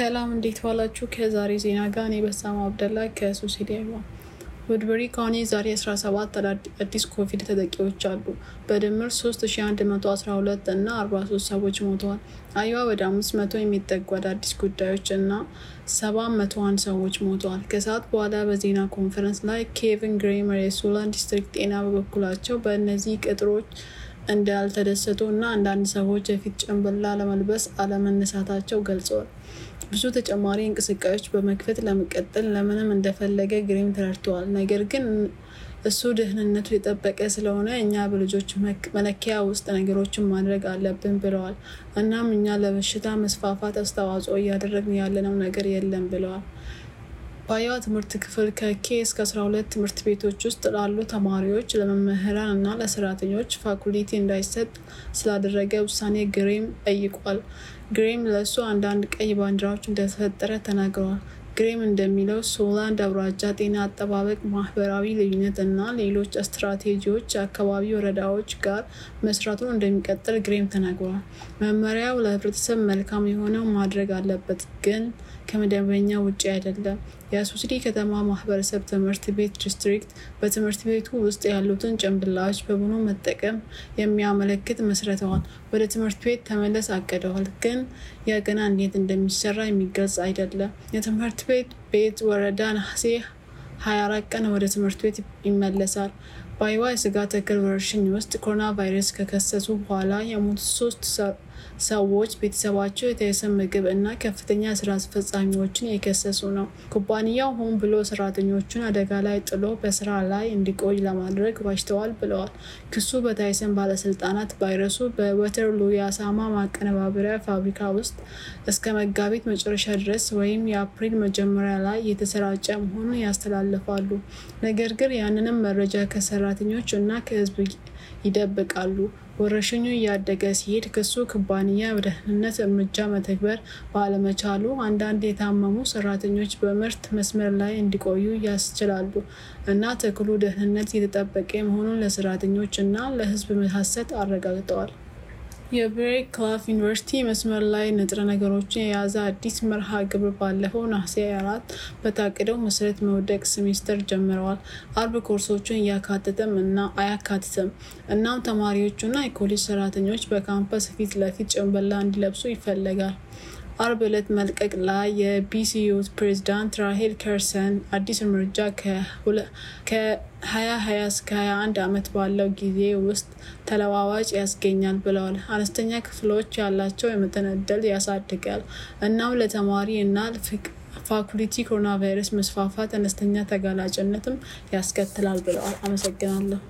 ሰላም እንዴት ባላችሁ። ከዛሬ ዜና ጋር እኔ በሳማ አብደላ ከሱሲዲያማ። ውድበሪ ካውንቲ ዛሬ 17 አዲስ ኮቪድ ተጠቂዎች አሉ። በድምር 3112 እና 43 ሰዎች ሞተዋል። አይዋ ወደ 500 የሚጠጉ አዳዲስ ጉዳዮች እና 701 ሰዎች ሞተዋል። ከሰዓት በኋላ በዜና ኮንፈረንስ ላይ ኬቪን ግሬመር የሱላን ዲስትሪክት ጤና በበኩላቸው በእነዚህ ቅጥሮች እንዳልተደሰቱ እና አንዳንድ ሰዎች የፊት ጭንብላ ለመልበስ አለመነሳታቸው ገልጸዋል። ብዙ ተጨማሪ እንቅስቃሴዎች በመክፈት ለመቀጠል ለምንም እንደፈለገ ግሪም ተረድተዋል። ነገር ግን እሱ ደህንነቱ የጠበቀ ስለሆነ እኛ በልጆች መለኪያ ውስጥ ነገሮችን ማድረግ አለብን ብለዋል። እናም እኛ ለበሽታ መስፋፋት አስተዋጽኦ እያደረግን ያለነው ነገር የለም ብለዋል። ኩባያ ትምህርት ክፍል ከኬ እስከ 12 ትምህርት ቤቶች ውስጥ ላሉ ተማሪዎች፣ ለመምህራን እና ለሰራተኞች ፋኩሊቲ እንዳይሰጥ ስላደረገ ውሳኔ ግሬም ጠይቋል። ግሬም ለእሱ አንዳንድ ቀይ ባንዲራዎች እንደተፈጠረ ተናግረዋል። ግሬም እንደሚለው ሶላ ደብራጃ ጤና አጠባበቅ፣ ማህበራዊ ልዩነት እና ሌሎች ስትራቴጂዎች የአካባቢ ወረዳዎች ጋር መስራቱን እንደሚቀጥል ግሬም ተናግሯል። መመሪያው ለህብረተሰብ መልካም የሆነው ማድረግ አለበት፣ ግን ከመደበኛ ውጭ አይደለም። የሱስዲ ከተማ ማህበረሰብ ትምህርት ቤት ዲስትሪክት በትምህርት ቤቱ ውስጥ ያሉትን ጭንብላዎች በቡኑ መጠቀም የሚያመለክት መስረተዋል። ወደ ትምህርት ቤት ተመለስ አቅደዋል፣ ግን የገና እንዴት እንደሚሰራ የሚገልጽ አይደለም። የትምህርት ቤት ቤት ወረዳ ነሐሴ 24 ቀን ወደ ትምህርት ቤት ይመለሳል። በአይዋ የስጋት ተክል ወረርሽኝ ውስጥ ኮሮና ቫይረስ ከከሰሱ በኋላ የሞቱ ሶስት ሰዎች ቤተሰባቸው የተየሰ ምግብ እና ከፍተኛ ስራ አስፈጻሚዎችን የከሰሱ ነው። ኩባንያው ሆን ብሎ ሰራተኞቹን አደጋ ላይ ጥሎ በስራ ላይ እንዲቆይ ለማድረግ ባሽተዋል ብለዋል። ክሱ በታይሰን ባለስልጣናት ቫይረሱ በወተርሉ የአሳማ ማቀነባበሪያ ፋብሪካ ውስጥ እስከ መጋቢት መጨረሻ ድረስ ወይም የአፕሪል መጀመሪያ ላይ የተሰራጨ መሆኑን ያስተላልፋሉ። ነገር ግን ያንንም መረጃ ከሰራ ሰራተኞች እና ከህዝብ ይደብቃሉ። ወረሽኙ እያደገ ሲሄድ ክሱ ኩባንያ በደህንነት እርምጃ መተግበር ባለመቻሉ አንዳንድ የታመሙ ሰራተኞች በምርት መስመር ላይ እንዲቆዩ ያስችላሉ እና ተክሉ ደህንነት የተጠበቀ መሆኑን ለሰራተኞች እና ለህዝብ ሀሰት አረጋግጠዋል። ክላፍ ዩኒቨርሲቲ መስመር ላይ ንጥረ ነገሮችን የያዘ አዲስ መርሃ ግብር ባለፈው ነሐሴ አራት በታቅደው መሰረት መውደቅ ሴሜስተር ጀምረዋል። አርብ ኮርሶችን እያካተተም እና አያካትትም። እናም ተማሪዎቹና የኮሌጅ ሰራተኞች በካምፐስ ፊት ለፊት ጭንብላ እንዲለብሱ ይፈለጋል። አርብ ዕለት መልቀቅ ላይ የቢሲዩ ፕሬዚዳንት ራሄል ከርሰን አዲስ እርምጃ ከ2020 እስከ 21 ዓመት ባለው ጊዜ ውስጥ ተለዋዋጭ ያስገኛል ብለዋል። አነስተኛ ክፍሎች ያላቸው የመጠን ዕድል ያሳድጋል፣ እናም ለተማሪ እና ፋኩልቲ ኮሮና ቫይረስ መስፋፋት አነስተኛ ተጋላጭነትም ያስከትላል ብለዋል። አመሰግናለሁ።